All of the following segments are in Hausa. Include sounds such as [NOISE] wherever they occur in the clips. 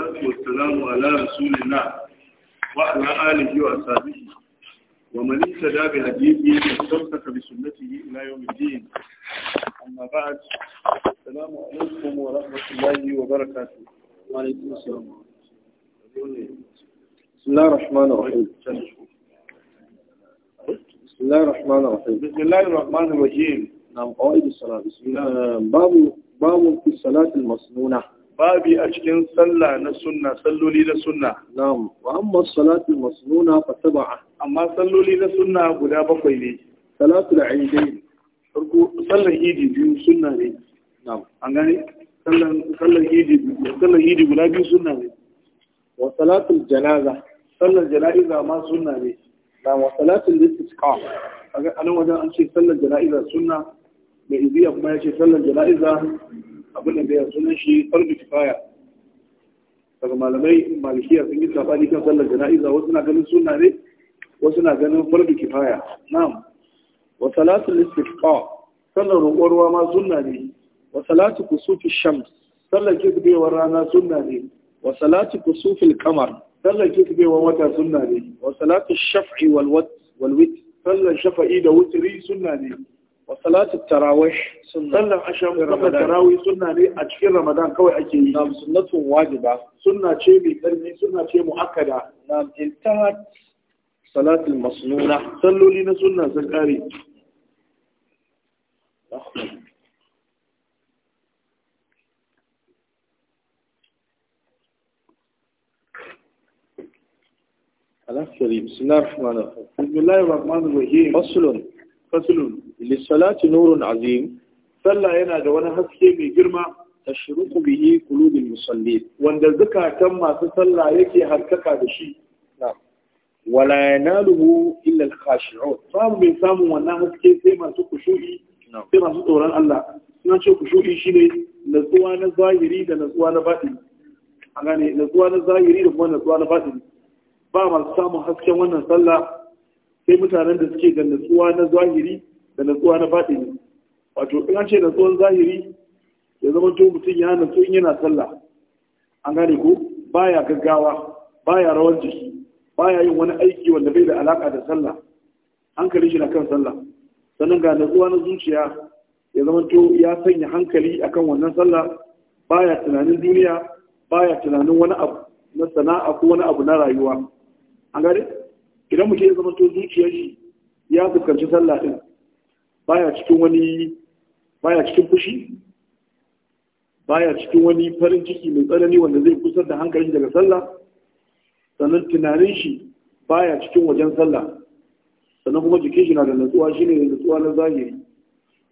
والصلاة والسلام على رسول الله وعلى آله وصحبه ومن اهتدى بهديه واستمسك بسنته إلى يوم الدين أما بعد السلام عليكم ورحمة الله وبركاته وعليكم السلام بسم الله الرحمن الرحيم بسم الله الرحمن الرحيم بسم الله الرحمن الرحيم نعم قائد الصلاة بسم الله باب باب في الصلاة المصنونه babi a cikin sallah na sunna salloli na sunna na'am wa amma salatu masnuna fa sab'a amma salloli na sunna guda bakwai ne salatu al-aidain farko sallar idi biyu sunna ne na'am an gane sallar idi sallar idi guda biyu sunna ne wa salatu al-janaza sallar jana'iza ma sunna ne na'am wa salatu al-istisqa a nan wajen an ce sallar jana'iza sunna mai iziya kuma ya ce sallar jana'iza abin da ya sunan shi farko kifaya daga malamai malikiya sun yi sabani kan sallar jana'iza wasu na ganin suna ne wasu na ganin farko kifaya na'am wa salatul istiqa sallar roƙon ruwa ma sunna ne wa salatu kusufi shams sallar kisbewar rana sunna ne wa salatu kusufil kamar sallar kisbewar wata sunna ne wa salatu shaf'i wal wit sallar shafa'i da wutri sunna ne wa salatu tarawih sallan asham sallan tarawih sunna ne a cikin ramadan kawai ake yi nam sunnatun wajiba sunna ce mai karni sunna ce muakkada nam intahat salatul masnuna salloli na sunna sun kare faslun lissalati nurun azim sallah yana da wani haske mai girma tashruqu bihi qulubul musallin wanda zakatan masu sallah yake harkaka da shi wala yanaluhu illa al-khashi'un samu mai samun wannan haske sai masu kushu'i sai masu tsoron Allah suna ce kushu'i shine natsuwa na zahiri da natsuwa na batini a gane natsuwa na zahiri da kuma natsuwa na batini ba masu samun hasken wannan sallah sai mutanen da suke da natsuwa na zahiri da natsuwa na ne, wato in an ce natsuwan zahiri ya zama to mutum ya natsu in yana sallah an gane ko baya gaggawa baya rawar jiki baya yin wani aiki wanda bai da alaka da sallah hankali shi na kan sallah sannan ga natsuwa na zuciya ya zama to ya sanya hankali akan wannan sallah baya tunanin duniya baya tunanin wani abu na sana'a ko wani abu na rayuwa an gane idan mutum ya zama to zuciyar shi ya fuskanci sallah din baya cikin wani baya cikin fushi baya cikin wani farin ciki mai tsanani wanda zai kusar da hankalin daga sallah sannan tunanin shi baya cikin wajen sallah sannan kuma jikin shi na da natsuwa shi ne natsuwa na zahiri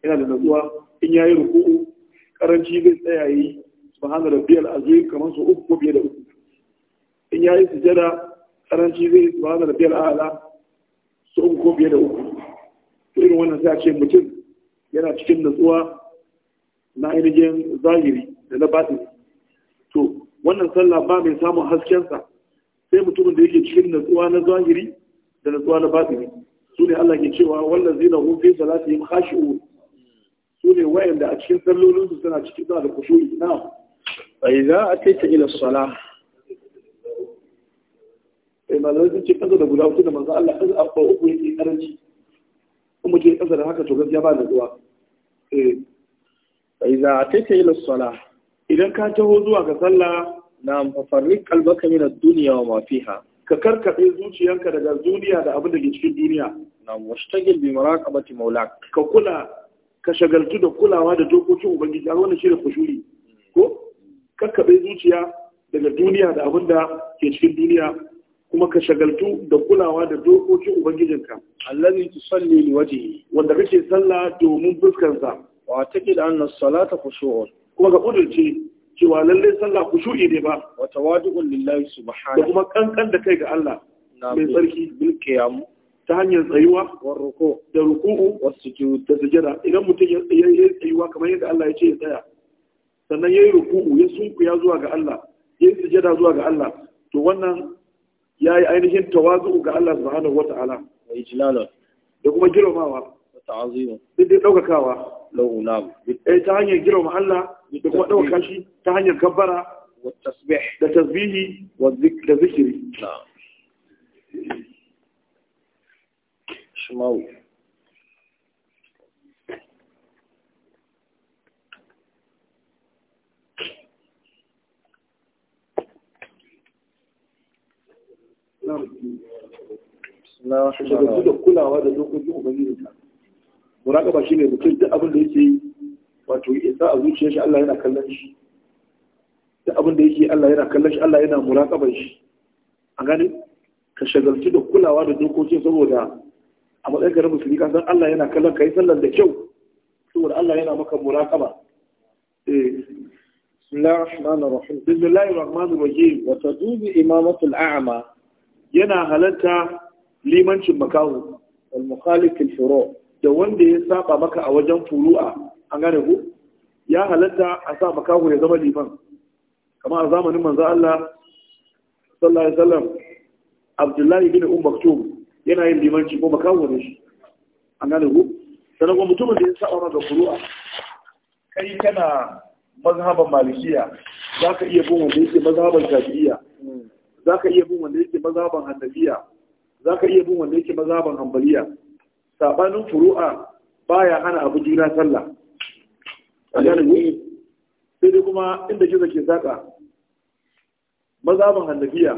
yana da natsuwa in yayi ruku'u karanci zai tsaya yi subhana rabbiyal azim kamar su uku ko biye da uku in yayi sujada karanci zai ba da biyar ala su uku ko biyar da uku irin wannan sai a ce mutum yana cikin natsuwa na ainihin zahiri da na batin to wannan sallah ba mai samun haskensa sai mutumin da yake cikin natsuwa na zahiri da natsuwa na batin su ne Allah ke cewa wannan zina hun fi salatihim khashi'u su ne wayanda a cikin sallolinsu suna cikin da kushuri na fa idza ataita ila salah eh malamai sun ce kasa da guda uku da manzo Allah kasa a uku yake karanci kuma mutum kasa da haka to gaskiya ba zuwa. eh fa idza atayta ila salah idan ka taho zuwa ga sallah na fa kalbaka qalbaka min ad-dunya wa ma fiha ka karkaɗe zuciyanka daga duniya da abin da ke cikin duniya na'am washtagil bi muraqabati maulak ka kula ka shagaltu da kulawa da dokokin ubangiji har wannan shirin kushuri ko kakkaɓe zuciya daga duniya da abin da ke cikin duniya kuma ka shagaltu da kulawa da dokokin ubangijinka allazi tusalli liwajhi wanda kake sallah domin fuskarsa wa taqid anna salata khushu'un kuma ga kudurce cewa lalle sallah khushu'i ne ba wa tawadu'un lillahi subhanahu kuma kankan da kai ga Allah mai tsarki bil qiyam ta hanyar tsayuwa wa ruku da ruku'u wa sujud da sujada idan mutum ya tsayuwa kamar yadda Allah ya ce ya tsaya sannan yayi ruku'u ya sunkuya zuwa ga Allah yayi sujada zuwa ga Allah to wannan ya yi ainihin tawazu ga Allah subhanahu wata'ala wa ijlala da kuma girmamawa wa ta'azima duk da daukakawa lahu nam eh ta hanyar girmama Allah da kuma daukaka shi ta hanyar kabbara wa tasbih da tasbihi wa zikri da zikri na'am shimau shagaltu da kulawa da dokokin ubangiji ta muraqaba shine mutum duk abin da yake yi wato ya sa a zuciyar shi Allah yana kallon shi duk abin da yake Allah yana kallon shi Allah yana muraqaban shi a gani ka shagaltu da kulawa da dokokin saboda a matsayin garin musulmi ka Allah yana kallon ka yi sallar da kyau saboda Allah yana maka muraqaba eh بسم الله الرحمن الرحيم بسم الله الرحمن الرحيم وتجوز إمامة الأعمى yana halatta limancin makahu wal mukhalif furu da wanda ya saba maka a wajen furu'a an gane ku ya halatta a sa makahu ya zama liman kamar a zamanin manzo Allah sallallahu alaihi wasallam Abdullahi ibn Umm Maktum yana yin limanci ko makahu ne shi an gane ku sanan kuma mutumin da ya saba maka furu'a kai kana mazhaban malikiya zaka iya bin wanda yake mazhaban shafi'iyya za ka iya bin wanda yake mazaban hannabiya za ka iya bin wanda yake mazaban hambaliya saɓanin furu'a baya hana abu juna sallah sai dai kuma inda gizo ke saƙa mazaban hannabiya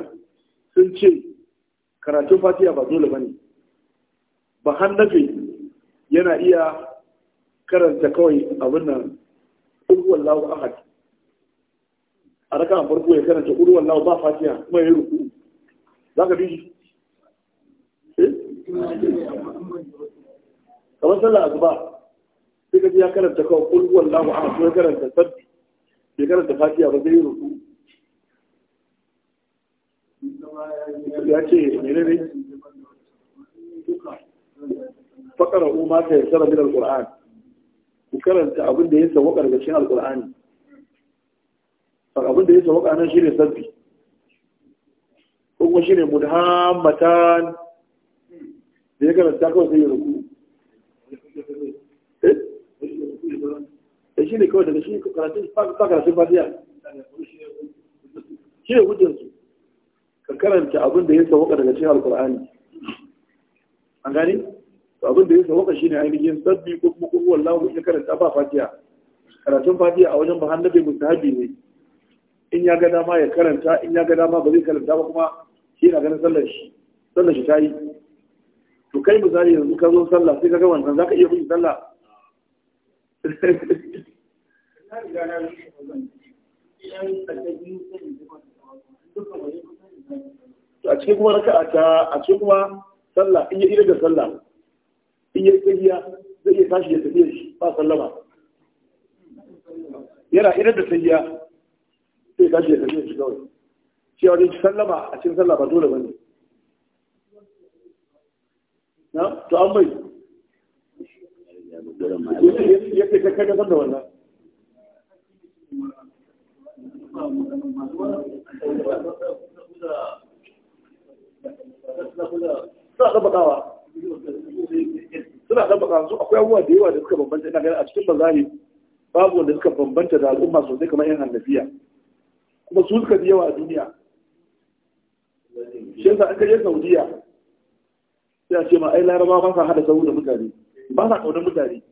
sun ce karatun fatiha ba dole ba ne ba hannabi yana iya karanta kawai abin nan ƙulhuwallahu ahad a raka a farko ya karanta ƙuru wallahu ba fatiha kuma ya ruku za ka bi shi kamar sallah azuba sai ka ji ya karanta kawai ƙuru wallahu a kuma ya karanta sabbi bai karanta fatiha ba zai yi ruku ya ce mene ne fakara umar ta yasara min alƙur'an ku karanta abin da ya sauwa ƙarƙashin alƙur'ani abin da ya sauka nan shine sabbi kuma shine mudhammatan da ya karanta kawai sai ya ruku eh, eh shine kawai daga shi karatun fa karatun fatiha shine hujjarsu ka karanta abin da ya waka daga cikin alqur'ani an To abin da ya sauka shine ainihin sabbi ko kuma kullu wallahu ya karanta ba fatiya. karatun fatiya a wajen bahan nabi mustahabi ne in ya ga dama ya karanta in ya ga dama ba zai karanta ba kuma shi na ganin sallar shi sallar shi ta yi to kai misali yanzu ka zo sallah sai ka ga wannan za ka iya kuɗi sallah a cikin kuma a ta a cikin kuma sallah in ya ira da sallah in ya tsayiya zai iya tashi ya tafiya shi ba sallama yana ira da tsayiya sai tashi da shi kawai shi a wajen sallama a cikin sallah ba dole bane na to an bai yake ka kai ban da wannan suna ɗabbaƙawa suna ɗabbaƙawa su akwai abubuwa da yawa da suka bambanta ina ganin a cikin bazari babu wanda suka bambanta da al'umma sosai kamar yan annabiya. kuma su suka yawa a duniya shi yasa an je saudiya sai a ce ma ai laraba ba sa hada sahu da mutane ba sa kaunar mutane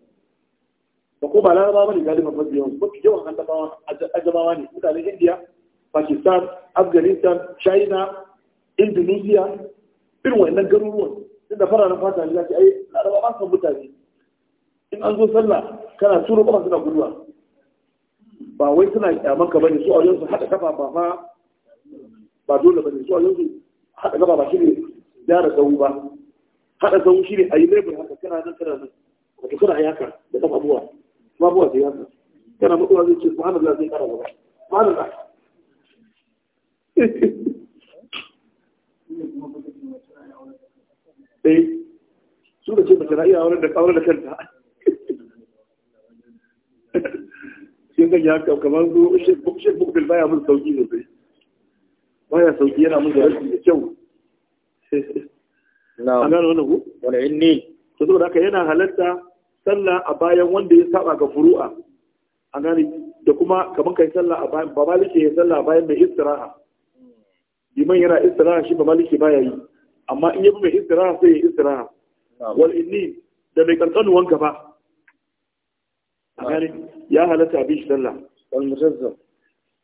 ba ko ba laraba ba ne galiban mafi yawan mafi yawan a ajamawa ne mutanen india pakistan afghanistan china indonesia irin wannan garuruwan duk da fara na fata ne za ai laraba ba sa mutane in an zo sallah kana turo kuma suna guduwa ba wai suna kyaman ka bane su a yanzu haɗa kafa ba ma ba dole bane su a yanzu haɗa kafa ba shi ne gyara tsawo ba haɗa tsawo shi ne a yi lebur haka kana nan kana nan wato kana yaka da kafa buwa kuma buwa sai yaka kana mutuwa zai ce subhanallah zai kara gaba subhanallah [LAUGHS] eh su da ce mace na iya auren da kawar da kanta sai ga ya kamar zo shek bukbil baya mun sauki sosai baya sauki yana mun da da kyau na'am ana wannan ku wala inni to saboda haka yana halatta sallah a bayan wanda ya saba ga furu'a a gani da kuma kamar kai sallah a bayan babalike ya sallah bayan mai istiraha liman yana istiraha shi babalike baya yi amma in yabi mai istiraha sai ya istiraha wal inni da mai kankanuwan gaba ya halatta abin shi sallah al-mujazzam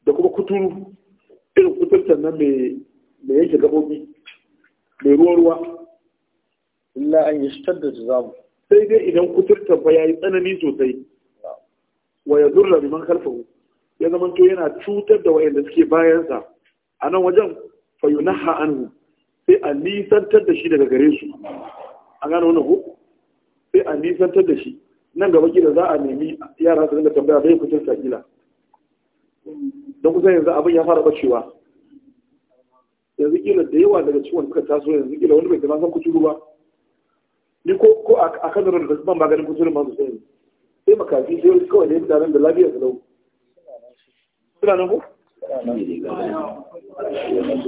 da kuma kuturu irin kuturtar nan mai mai yake gabobi mai ruwa ruwa illa an yashtadda jazamu sai dai idan kuturtar ba yayi tsanani sosai wa ya yadurra biman khalfahu ya zama to yana cutar da wayanda suke bayansa a nan wajen fa yunaha anhu sai a nisantar da shi daga gare su an gano wannan ko sai a nisantar da shi nan gaba gida za a nemi yara su dinga tambaya bai kucin sakila don kusan yanzu abin ya fara bacewa yanzu kila da yawa daga ciwon suka taso yanzu kila wani bai kama san kuturu ba ni ko ko a kan da da ban maganin kuturu ma su sai sai makafi sai kawai da yadda nan da lafiyar su lau suna nan ko?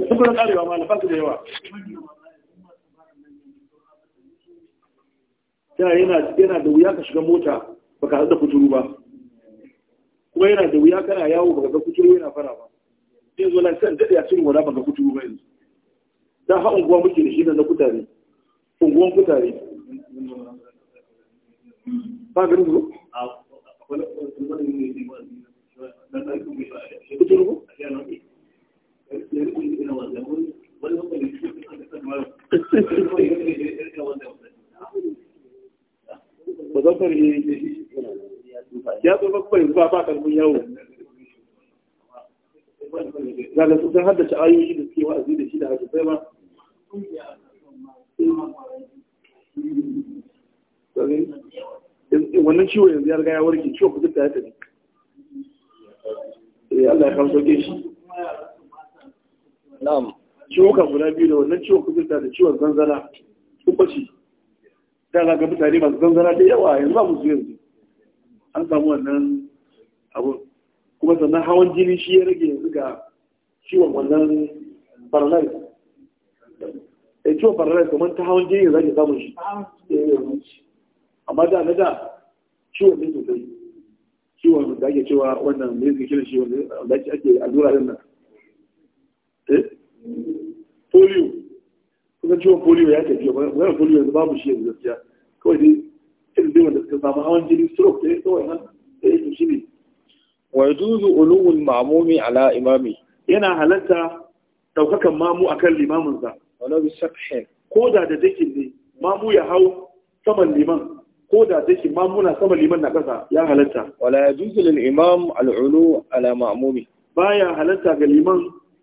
suna nan ma na fanka da yawa yana yana yana da wuya ka shiga mota baka haɗu da kuturu ba kuma yana da wuya kana yawo baka ga kuturu yana fara ba zai zo nan san daɗe a cikin wada baka kuturu ba yanzu da ha unguwa muke da shi na kutare unguwan kutare ba ko ganin ku ba ba karfin yawo zaga sun haddace ayoyi da suke wa'azi da shi da sai ba wannan ciwo yanzu ya riga ya warke ciwo ku duka ya tafi eh Allah ya kawo sauke shi na'am ciwo kan guda biyu da wannan ciwon kuzurta da ciwon zanzara, sun bace ta za ga mutane masu zanzara da yawa yanzu ba musu yanzu an samu wannan kuma sannan hawan jini shi ya rage yanzu ga ciwon wannan paralyze da eh, ciwon paralyze kuma ta hawan jini za ke samun shi amma da na da ciwon ne sosai ciwon da ake cewa wannan ne su kira shi wanda ake allura din nan eh? polio kusan ciwon polio ya tafiya wani polio yanzu babu shi yanzu gaskiya kawai dai irin dai wanda suka samu hawan jini stroke da kawai nan da eh, ya shi ne wa yajuzu ulul ma'mumi ala imami yana halatta daukakan mamu akan limamin sa wala bi shakhin ko da dakin ne mamu ya hau saman liman ko da dakin mamu na saman liman na kasa ya halatta wala yajuzu lil imam al ala ma'mumi baya halatta ga liman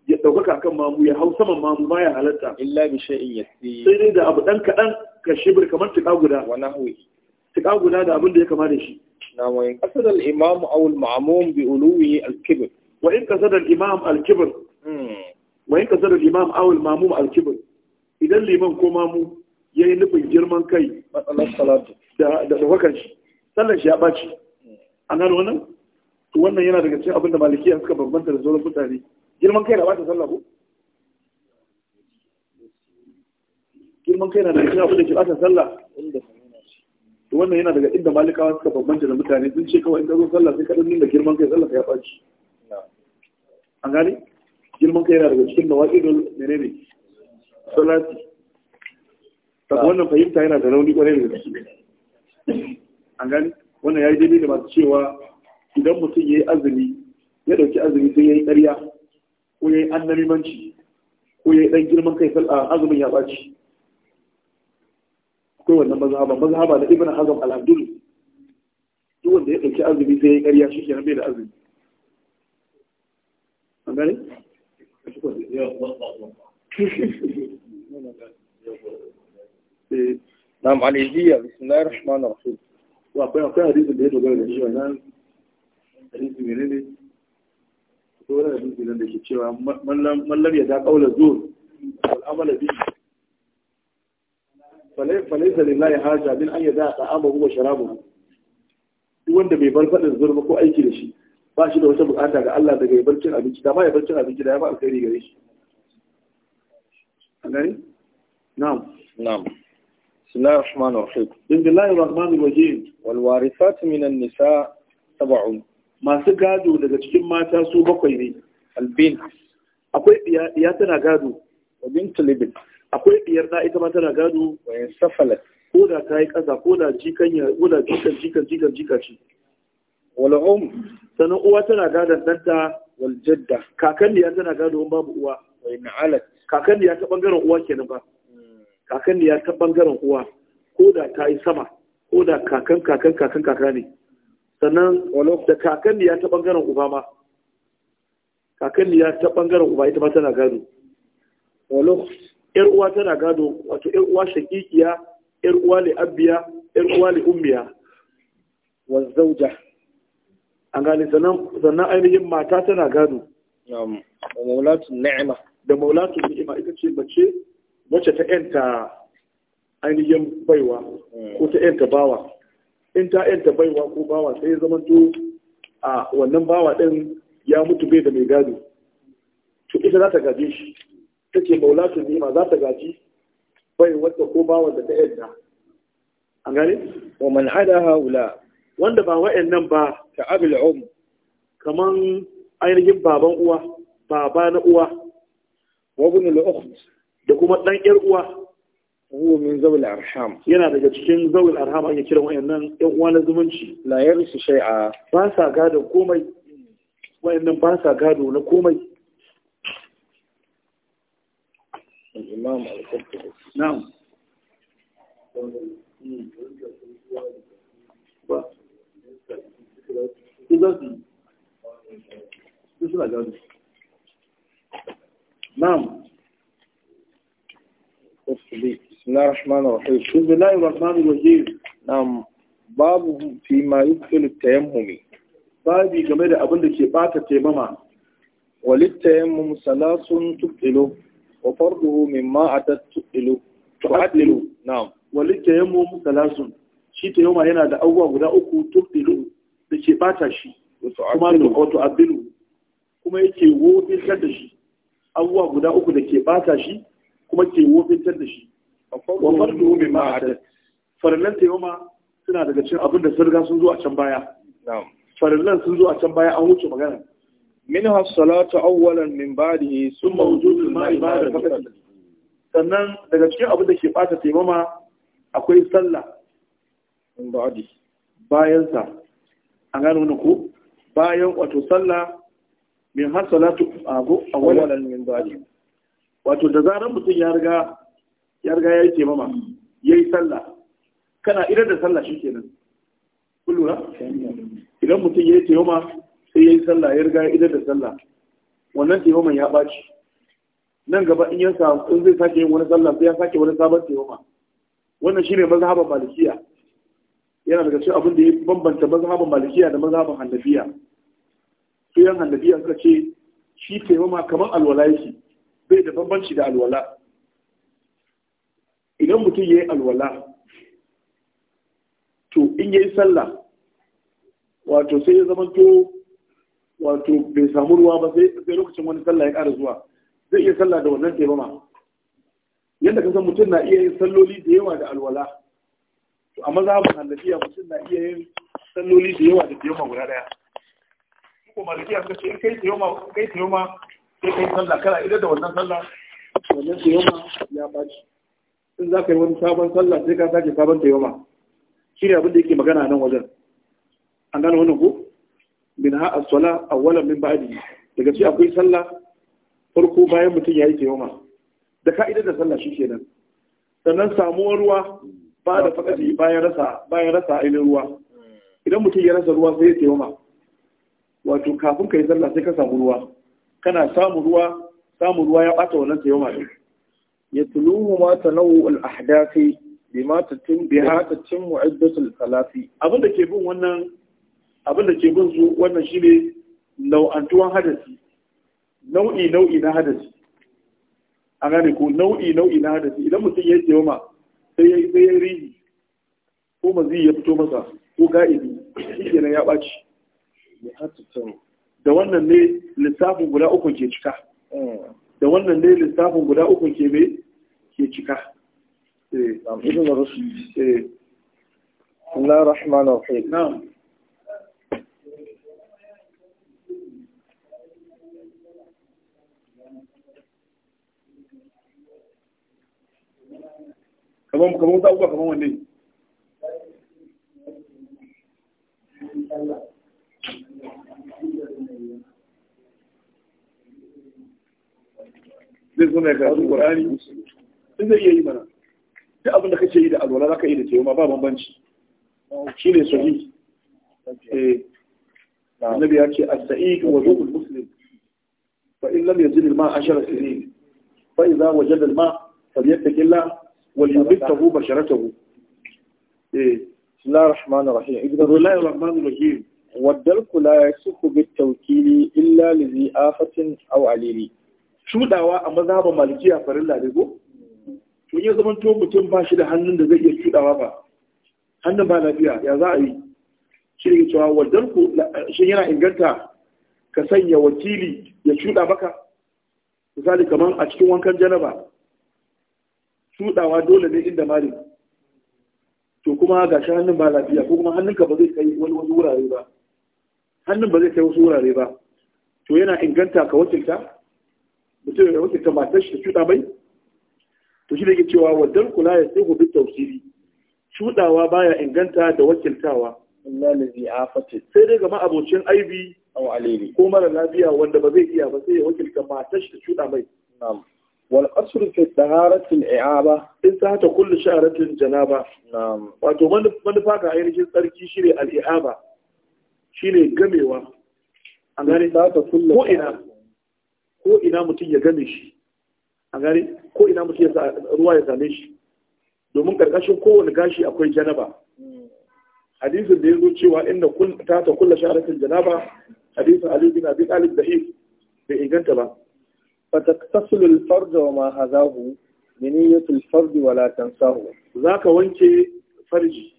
ya ɗaukaka kan mamu ya hau saman mamu baya halatta illa bi shay'in sai dai da abu dan kaɗan ka shibir kamar tuka guda tiƙa guda da abin da ya kama da shi na wa in qasada al imam aw al ma'mum bi uluwi Alkibir. kibr hmm. wa in qasada al imam al kibr wa in qasada al imam aw al ma'mum idan liman ko mamu yi nufin girman kai matsalar salatu da da wakan shi sallar shi ya ɓaci. Hmm. an gano wannan to wannan yana daga cikin abin da malikiya suka bambanta da sauran mutane girman kai na ɓata sallah ko girman kai na da cikin abin da ke ɓata sallah to wannan yana daga inda malikawa suka bambanta da mutane sun ce kawai in ka zo sallah sai ka dan nuna girman kai sallah ya ɓaci an gani girman kai yana daga cikin nawaƙidul menene salati ta ah. wannan fahimta yana da rauni kwarai da gaske an gani wannan ya yi daidai da masu cewa idan mutum ya yi azumi ya ɗauki azumi sai ya yi ƙarya ko ya yi annamimanci ko ya yi ɗan girman kai azumin ya ɓaci akwai wannan mazhaba mazhaba da ibn hazm al-abdul duk wanda ya dauki azumi sai ya ƙarya shi kenan bai da azumi an gane نعم عن الهية بسم الله الرحمن الرحيم وأقول أقول حديث اللي يدو قال الهية أنا حديث من اللي أقول حديث من اللي كتشوى من لم يدع قول الزور والعمل به falaisa lillahi haja min an yada ta'amahu wa sharabahu duk wanda bai bar fadin zurba ko aiki da shi ba shi da wata bukata ga Allah daga ya barcin abinci da ma ya barcin abinci da ya ba alkhairi gare shi an gani na'am na'am bismillahir rahmanir rahim bismillahir rahmanir rahim wal warisat min an-nisa sab'un masu gado daga cikin mata su bakwai ne albin akwai ya tana gado wa bintul ibn akwai biyar da ita ma tana gado wayan safalat ko da ta yi ƙasa ko da jikan ya ko da jikan jikan jikan jika ce wala um sanan uwa tana gadon danta wal jadda kakan ya tana gado babu uwa wayan alat kakan ya ta bangaren uwa kenan ba hmm. kakan ya ta bangaren uwa ko da ta yi sama ko da kakan kakan kakan kaka ne sannan um. da kakan ya ta bangaren uba ma kakan ya ta bangaren uba ita ma tana gado wala um. yar uwa tana gado wato yar uwa shakikiya yar uwa abiya yar uwa ummiya wa zauja. an gani sannan ainihin mata tana gado Da maulatu ni'ima da maulatu ni'ima ita ce mace wacce ta yanta ainihin baiwa hmm. ko ta yanta bawa in ta yanta baiwa ko bawa sai ya to a wannan bawa ɗin ya mutu bai da mai gado to ita za ta gaje shi take maulatun nima za ta gaji bai wata ko ba wanda ta yadda an gane wa man hada haula wanda ba nan ba ka abul um kaman ainihin baban uwa baba na uwa wa ibn al da kuma dan yar uwa huwa min zawil arham yana daga cikin zawil arham ake kiran wayannan yan uwa na zumunci la yarsu shay'a ba sa gado komai wayannan ba sa gado na komai imam al-qurtubi na'am نعم بسم الله الرحمن الرحيم بسم الله الرحمن الرحيم نعم babu fi ma yukfilu tayammumi babi game da abin da ke bata taimama walit tayammum salasun wa مما mimma atat tu'ilu tu'addilu na'am wal tayammum thalathun shi tayammum yana da abubuwa guda uku tu'ilu da ke bata shi kuma kuma yake wofin da shi abubuwa guda uku da ke bata shi kuma ke wofin da shi wa farduhu mimma atat farallan suna daga cikin abin da sun riga sun zo a can baya farallan sun zo a can baya an wuce magana منها الصلاة أولا من بعده ثم وجود الماء بعد الفتح sannan daga cikin abu da ke bata taimama akwai sallah in ba'adi bayan sa an gano ne ko bayan wato sallah min har salatu ago awalan min ba'adi wato da zaran mutum ya riga ya riga yayi taimama yayi sallah kana idar da sallah shikenan kullu idan mutum yayi taimama sai ya yi sallah ya riga ya idar da sallah wannan taimaman ya ɓaci nan gaba in yansa samu in zai sake yin wani sallah sai ya sake wani sabon taimama wannan shine mazhaban malikiya yana daga cikin abin da ya bambanta mazhaban malikiya da mazhaban hannabiya su yan hannabiya suka ce shi taimama kamar alwala yake bai da bambanci da alwala idan mutum ya yi alwala to in ya yi sallah wato sai ya zama to wato bai samu ruwa ba sai lokacin wani sallah ya ƙara zuwa zai iya sallah da wannan taimama yadda ka san mutum na iya yin salloli da yawa da alwala to a mazhabin hannafiya mutum na iya yin salloli da yawa da taimama guda ɗaya ko malikiya suka ce in kai taimama kai taimama sai kai sallah kana idan da wannan sallah wannan taimama ya ɓaci in za ka yi wani sabon sallah sai ka sake sabon taimama shi ne abin da yake magana nan wajen an gane wannan ko min ha asala sala awwalan min ba'di daga ci akwai sallah farko bayan mutum yayi tayammum da idan da sallah nan. sannan samuwar ruwa ba da faɗaɗi bayan rasa bayan rasa ainihin ruwa idan mutum ya rasa ruwa sai ya tayammum wato kafin ka yi sallah sai ka samu ruwa kana samu ruwa samu ruwa ya bata wannan ya din yatluhu ma tanawu al-ahdathi bima tatim biha tatim mu'addatu al-salafi abinda ke bin wannan abin da ke bin su wannan shine nau'antuwan hadasi nau'i nau'i na hadasi A gane ko nau'i nau'i na hadasi idan mutum ya ce ma sai ya yi ya rihi ko mazi ya fito masa ko ga'ibi shikenan ya ɓaci da wannan ne lissafin guda uku ke cika da wannan ne lissafin guda uku ke me ke cika eh ibn rushd eh Allah rahman rahim na'am kamar kamar wasu abubuwa kamar wanne zai zo mai karatun ƙwarari in zai iya yi mana duk abin da kake yi da alwala za ka yi da cewa ma ba bambanci shi ne sahi eh. annabi ya ce as-sa'id wa zuqul muslim fa in lam yazid al-ma'a ashara sinin fa idza wajada al-ma'a falyattaqi Allah وليمته بشرته إيه بسم الله الرحمن الرحيم بسم الله الرحمن الرحيم والدلك لا يصح بالتوكيل إلا لذي آفة أو عليل شو دعوة أما ذهب مالكية فرلا لذو to ya zama to mutum ba shi da hannun da zai iya cudawa ba hannun ba lafiya ya za a yi shi ne cewa ku shi yana inganta ka sanya wakili ya cuda maka misali kamar a cikin wankan janaba shudawa dole ne inda mare to kuma ga shi hannun ba lafiya ko kuma hannunka ba zai kai wani wasu wurare ba hannun ba zai kai wasu wurare ba to yana inganta ka wakilta mutum ya wakilta matar shi ta shuɗa bai to shi da ke cewa waddan kula ya sai hudu tausiri shuɗawa baya inganta da wakiltawa lalazi afati sai dai gama abocin aibi ko mara lafiya wanda ba zai iya ba sai ya wakilta matar shi ta shuɗa bai والقصر في الطهارة الإعابة انتهت كل شهرة جنابة نعم wato manufa ga ainihin tsarki shine al'ihaba shine gamewa an gane ko shi an gane ko ina mutum ya ruwa ya same shi domin karkashin kowane gashi akwai janaba hadisin da ya zo cewa inda ta ta kulla shaharatin janaba hadisin ali bin abi talib da bai inganta ba فتقتصل الفرد وما هذاه بنية الفرد ولا تنساه ذاك وانك فرجي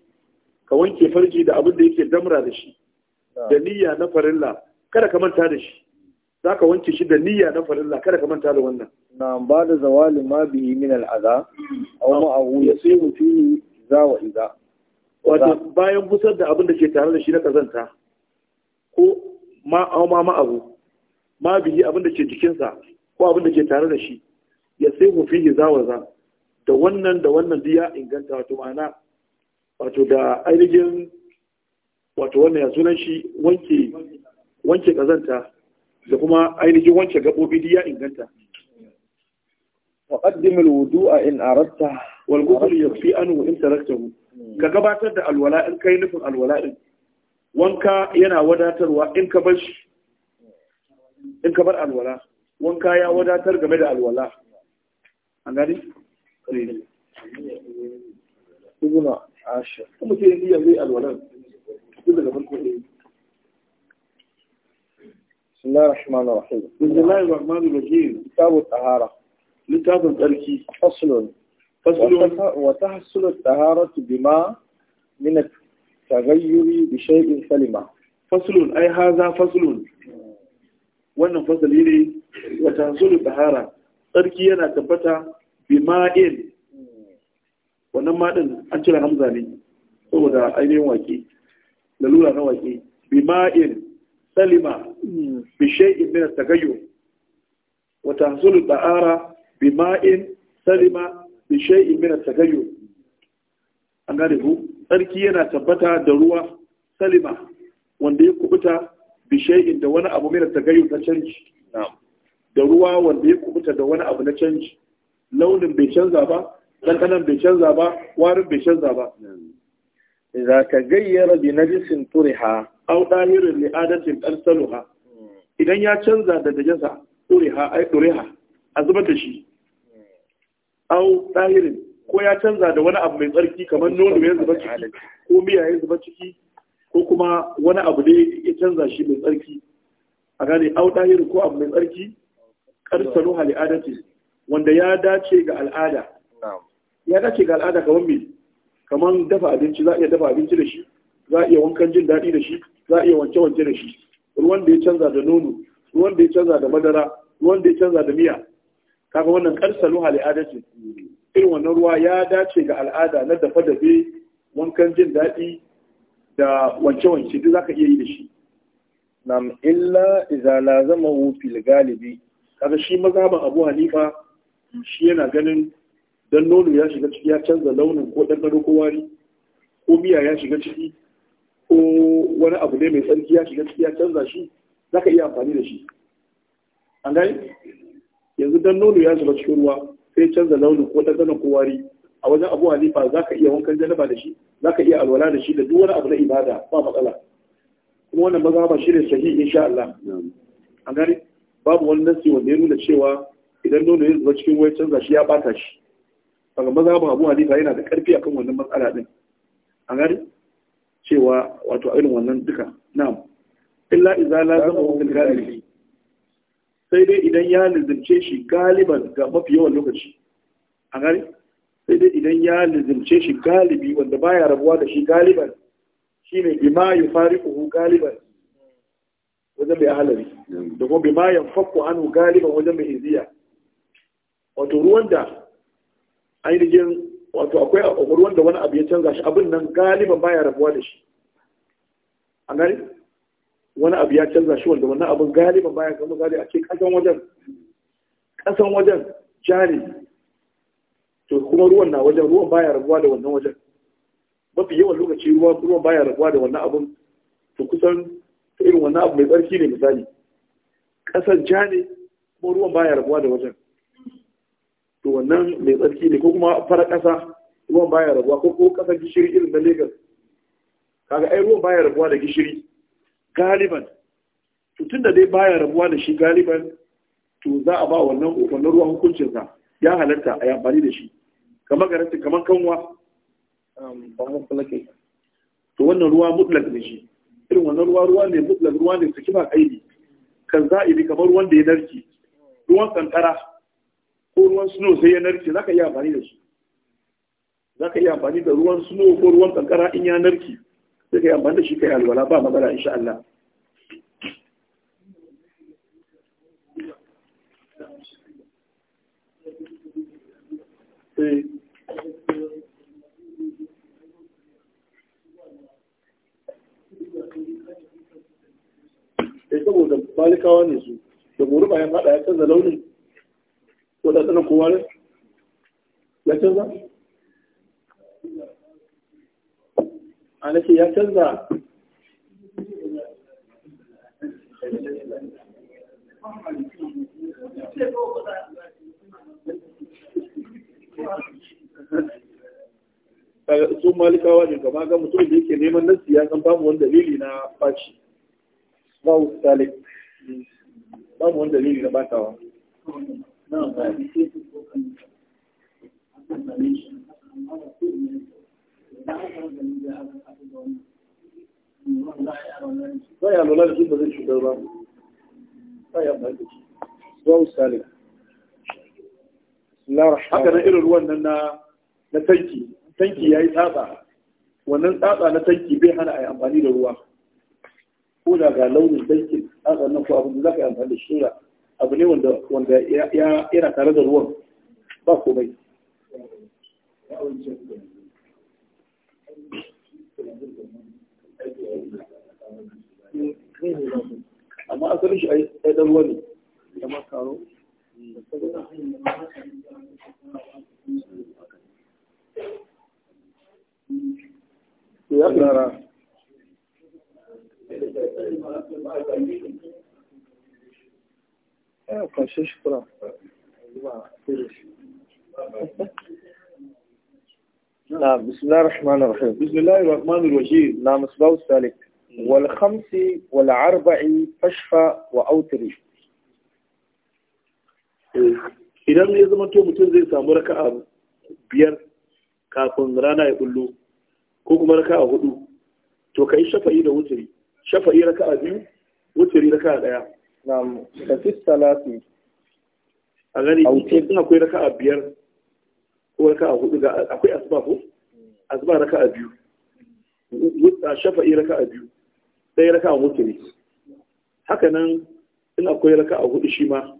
ka wanke farji da abin da yake damra da shi da niyya na farilla kada ka manta da shi za ka wanke shi da niyya na farilla kada ka manta da wannan na ba da zawali ma bihi min al'aza aw ma ahu yasiru za wa iza bayan busar da abin da ke tare da shi na kazanta ko ma aw abu ma bihi abin da ke jikinsa ko abin da ke tare da shi ya sai mu fi zawaza da wannan da wannan ya inganta wato ma'ana wato da ainihin wato wannan ya sunan shi wanke wanke kazanta da kuma ainihin wanke gabobi ya inganta wa qaddim alwudu'a in aradta wal ghusl yakfi wa in taraktahu ka gabatar da alwala in kai nufin alwala din wanka yana wadatarwa in ka bar in ka bar alwala wanka ya wadatar game da alwala an gani kuma ashe kuma ke yi yanzu alwala duk daga farko ne Bismillah ar-Rahman ar-Rahim. Bismillah ar-Rahman ar-Rahim. Kitabu Tahara. Littafin tsarki. Faslun. Faslun. Wa ta hasulu tahara tu bima min at-taghayyuri bi shay'in salima. Faslun ai haza faslun. wannan fasali ne wata zulu bahara tsarki yana tabbata bi ma'il wannan maɗin an cire hamza ne saboda ainihin wake lalura na wake bi ma'il salima bi shay'in min at-tagayyur wa tahsulu bahara bi ma'in salima bi shay'in min at-tagayyur an gane ku tsarki yana tabbata da ruwa salima wanda ya kubuta bishai'in da wani abu mina tagayyur na canji da ruwa wanda ya kubuta da wani abu na canji launin bai canza ba ɗanɗanan bai canza ba warin bai canza ba Za ka gayyara bi najisin Au ɗahirin dahirin adadin adatin ha hmm. idan ya canza da dajinsa turiha ai ha a zubar da shi hmm. aw ɗahirin ko ya canza da wani abu mai tsarki kamar nono ya zuba ciki ko miya ya zuba ciki ko kuma wani abu da ya canza shi mai tsarki a gane au ɗahiru ko abu mai tsarki ƙarsaro al'adati wanda ya dace ga al'ada ya dace ga al'ada kamar me kamar dafa abinci za a iya dafa abinci da shi za a iya wankan jin daɗi da shi za a iya wanke-wanke da shi ruwan da ya canza da nono ruwan da ya canza da madara ruwan da ya canza da miya kaga wannan ƙarsaro al'adati irin wannan ruwa ya dace ga al'ada na dafa-dafe wankan jin daɗi da wance-wance duk zaka iya yi da shi nam illa idza lazamahu fil galibi kaga shi mazhaban Abu halifa shi yana ganin dan nono ya shiga ciki ya canza launin ko dan ko wari ko miya ya shiga ciki ko wani abu ne mai tsarki ya shiga ciki ya canza shi zaka iya amfani da shi an gani yanzu dan nono ya shiga cikin ruwa sai canza launin ko dan ko wari a wajen abu halifa za ka iya wankan janaba da shi za ka iya alwala da shi da duk wani abu na ibada ba matsala kuma wannan ba shi ne sahi insha Allah A gani babu wani nasi wanda ya nuna cewa idan nono ya zuba cikin wayar canza shi ya bata shi daga ba abu halifa yana da karfi akan wannan matsala din A gani cewa wato irin wannan duka na'am illa idza la zama wa galibi sai dai idan ya lizimce shi galiban ga mafi yawan lokaci A gani sai dai idan ya lizimce shi galibi wanda baya rabuwa da shi galiban yi fari uku galiban wajen mai halari da kuma yi yanfaku hannu galiban wajen mai iziya wato ruwan da ainihin wato akwai ruwan da wani abu ya canza shi abin nan galiban baya rabuwa da shi an gani wani abu ya canza shi wanda wannan abin galiban baya kama misali a ce kasan wajen kasan wajen jari to kuma ruwan na wajen ruwan baya rabuwa da wannan wajen mafi yawan lokaci ruwan ruwan baya rabuwa da wannan abun to kusan irin wannan abu mai tsarki ne misali ƙasar ja ne kuma ruwan baya rabuwa da wajen to wannan mai tsarki ne ko kuma fara ƙasa ruwan baya rabuwa ko ko ƙasar gishiri irin na Lagos kaga ai ruwan baya rabuwa da gishiri galiban to tunda dai baya rabuwa da shi galiban to za a ba wannan wannan ruwan hukuncin sa ya halatta a yi amfani da shi kamar garanti kamar kanwa um, ba mu ke to wannan ruwa mutlak ne shi irin wannan ruwa ruwa ne mutlak ruwa ne su ba kaidi kan za'idi kamar wanda ya narke ruwan kankara ko ruwan snow sai ya narke zaka iya amfani da shi zaka iya amfani da ruwan snow ko ruwan kankara in ya narke sai ka yi amfani da shi kai alwala ba magana insha Allah you. Eh. malikawa ne su da guri bayan haɗa ya canza launi? ko da tsanan kowa ne ya canza a nake ya canza sun malikawa ne gama ga mutum da yake neman ya san bamu wani dalili na faci. Bawu Salim. babu wani dalili da batawa ba ya lura da shi ba zai shigar ba ba ya ba da shi zuwa usali haka na irin ruwan nan na tanki tanki ya yi tsatsa wannan tsatsa na tanki bai hana a yi amfani da ruwa ko da ga launin dankin aka nan ko abu da za yi amfani da shi abu ne wanda ya yana tare da ruwan ba komai amma asalin shi ai ɗan ruwa ne بسم الله الرحمن الرحيم بسم الله الرحمن الرحيم ya zama mutum zai samu a biyar kafin rana ya bullo ko kuma raka'a hudu to ka yi shafa'i da wuturi shafa'i raka'a biyu wuturi raka'a daya na'am a gani in akwai raka'a biyar ko raka'a hudu ga akwai asbabu asuba raka'a biyu shafa'i raka'a biyu ɗaya raka'a mutane haka nan in akwai raka'a hudu shi ma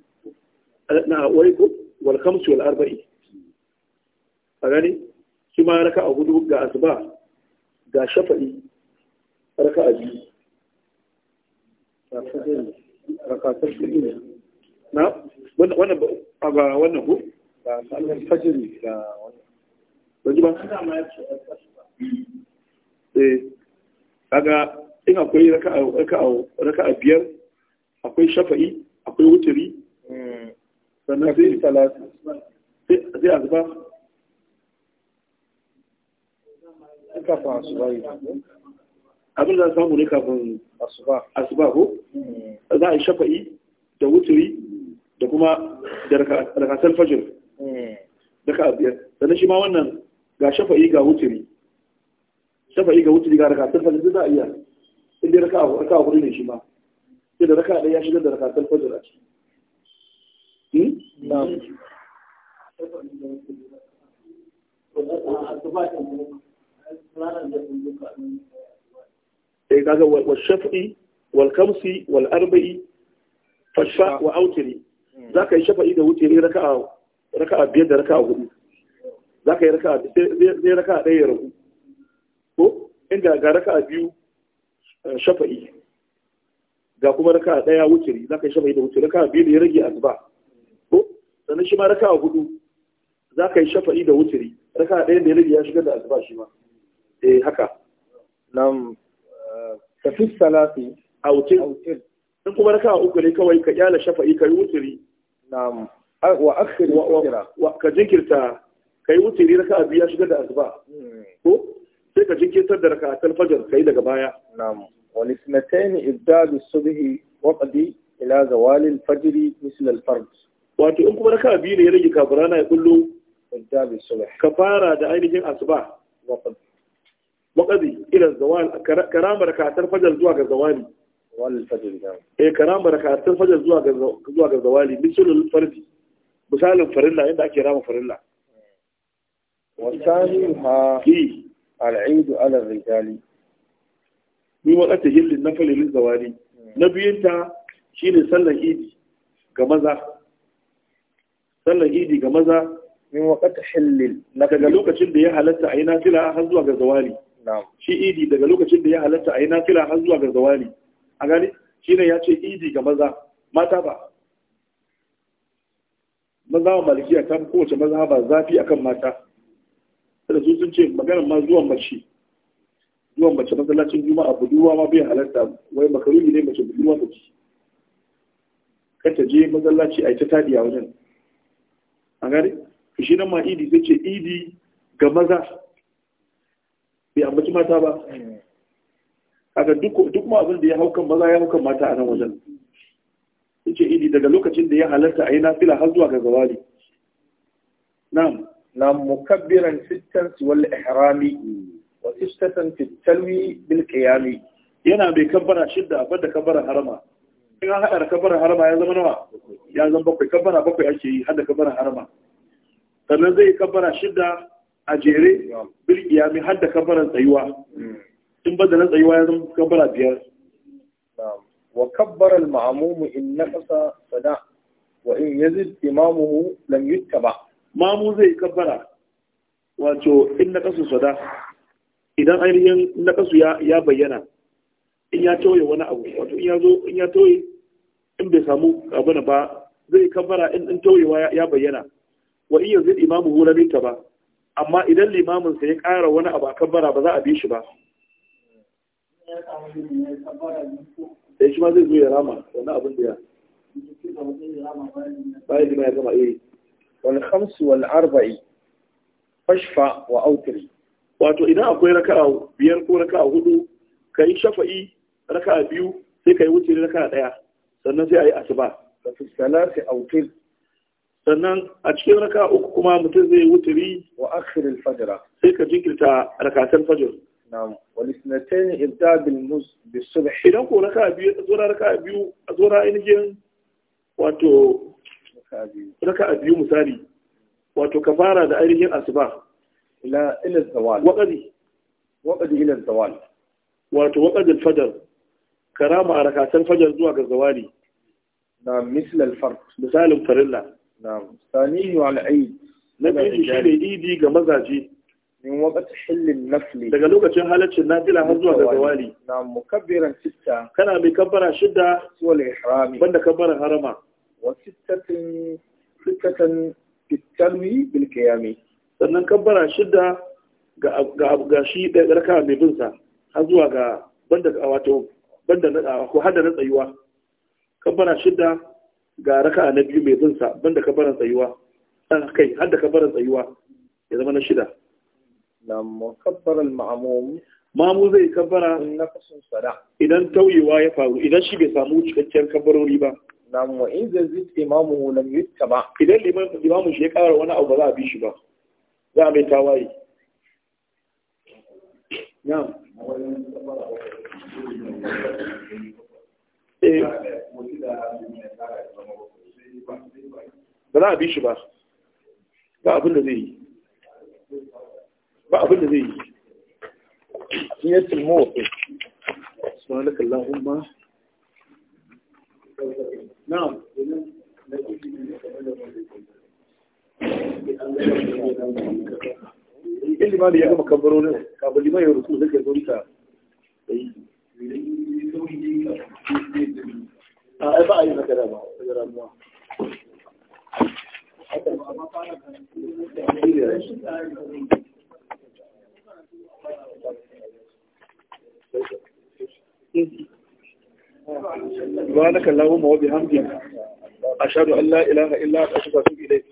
eh, na wai ko wal khamsu wal arba'i a gani shi ma raka'a hudu ga asuba ga shafa'i raka'a biyu raka'a biyu na wannan ba wannan ko ga sallar fajr ga wannan waje ba eh kaga in akwai raka'a biyar akwai shafa'i akwai wuturi hmm. sannan sai zai sai azba kafin asuba yi abin da samu ne kafin asuba ko hmm. za a yi shafa'i da wuturi da kuma da rakasar fajir da hmm. ka biyar sannan shi ma wannan ga shafa'i ga wuturi shafa'i ga wuturi ga rakatun fajr za a iya in dai raka raka hudu ne shi ma sai da raka ya shigar da rakatun fajr a ciki hmm? na'am ga eh, kaga wa shafi wal kamsi wal arba'i fashfa wa autiri hmm. zaka yi shafa'i da ne raka'a raka'a biyar da raka'a hudu za ka yi raka zai raka ɗaya ya rabu ko inda ga raka a biyu eh, shafa'i ga kuma raka a ɗaya wukiri za ka yi shafa'i da wuturi raka a biyu da ya rage a zuba. ko sannan shi ma raka hudu za ka yi shafa'i da wukiri raka a ɗaya da ya rage ya shiga da zuba shi ma eh haka nam tafi eh, salati a wuce. in kuma raka uku ne kawai ka kyala shafa'i ka yi wuturi nam wa akhir wa ka jinkirta kai wuturi raka'a biyu ya shiga da asuba ko sai ka jinkirtar da raka'a talfajar kai daga baya na'am wal isnatayn ibdalu subhi waqdi ila zawali al-fajr misl al-fard wato in kuma raka'a biyu ne ya rage kafirana ya kullu ibdalu subh ka fara da ainihin asuba waqdi waqdi ila zawal karama raka'a talfajar zuwa ga zawali zawal al-fajr eh karama raka'a talfajar zuwa ga zuwa ga zawali misl al-fard misalin farilla ake rama farilla وثانيها العيد على الرجال ni wakata hillin hmm. na falilin zawari na biyunta shi ne sallar idi ga maza sallar idi ga maza min wakata hillin daga lokacin da ya halatta a yi nafila har zuwa ga zawari shi idi daga lokacin da ya halatta a yi nafila har zuwa ga zawari a gani shi ne ya ce idi ga maza mata ba maza wa malikiya ta kowace maza ba zafi akan mata maganar ma zuwan mace zuwan mace masallacin juma'a buduwa ma bai halarta wai makaruni ne mace buduwa ta ci kata je masallaci a yi ta tadi a wajen a gari fushi nan ma idi zai ce idi ga maza bai ambaci mata ba kaga duk ma abin da ya haukan maza ya haukan mata a nan wajen zai ce idi daga lokacin da ya halarta a yi nafila har zuwa ga zawali na'am نعم مكبرا ستا والإحرام وستة في التلوي بالقيام ينا بكبر شدة أبدا كبر حرما إن هذا كبر حرما يا زمن يا زمن بقي كبر بقي أشي هذا كبر حرما sannan zai kabbara shida a jere bil kiyami har da tsayuwa in ba da na tsayuwa ya zama kabbara biyar wa kabbara al-ma'mum in sada wa in imamuhu lam mamu zai kabbara wato in na kasu sada idan ainihin na kasu ya bayyana in ya tauye wani abu wato in ya zo in ya tauye in bai samu abu ba zai kabbara in in tauyewa ya bayyana wa in yanzu imamu hulamin ta ba amma idan limaminsa ya ƙara wani abu a kabbara ba za a bi shi ba ya eh, shi ma zai zo ya rama wani abin da ya bayan lima ya zama iri eh. wal khamsu wal arba'i fashfa wa autri wato idan akwai raka'a biyar ko raka'a hudu kai shafa'i raka'a biyu sai kai wuce raka'a daya sannan sai ayi asuba fa fi salati autri sannan a cikin raka uku kuma mutum zai wuturi wa akhir al-fajr sai ka jinkirta rakatul fajr na'am wal isnatayn ibda bil mus bi subh idan ko raka biyu zura raka biyu zura ainihin wato raka a biyu misali wato ka fara da ainihin asuba ila ila zawal waqadi waqadi ila zawal wato waqadi al-fajr karama a rakatan fajar zuwa ga zawali na misl al-fard misalin farilla na sanihi wal aid na biyu shine idi ga mazaje min waqti hillin nafli daga lokacin halaccin nafila har zuwa ga zawali na mukabbiran sitta kana mai kabbara shidda wal ihrami banda kabbaran harama وستة ستة بالتلوي بالقيام sannan kabbara shidda ga ga shi da raka mai bin sa har zuwa ga banda wato banda ko hada na tsayuwa kabbara shidda ga raka na biyu mai bin sa banda kabbaran tsayuwa Dan kai har da kabbaran tsayuwa ya zama na shida lam kabbara al ma'mum mamu zai kabbara idan tauyewa ya faru idan shi bai samu cikakken kabbarori ba nam wa in imamu idan liman shi ya kara wani abu ba za a bi shi ba za a mai tawaye eh. ba za a bi shi ba ba abin zai yi ba abin zai yi sun yi tilmo wa kai suna da kallon umma na'am in ya gama kabbaro ne kafin liman ya ruku zai karbo yi ba a yi ba Thank you. wa naka lahu ma wabi hamdi ashadu an la ilaha illa ka shuka su ilai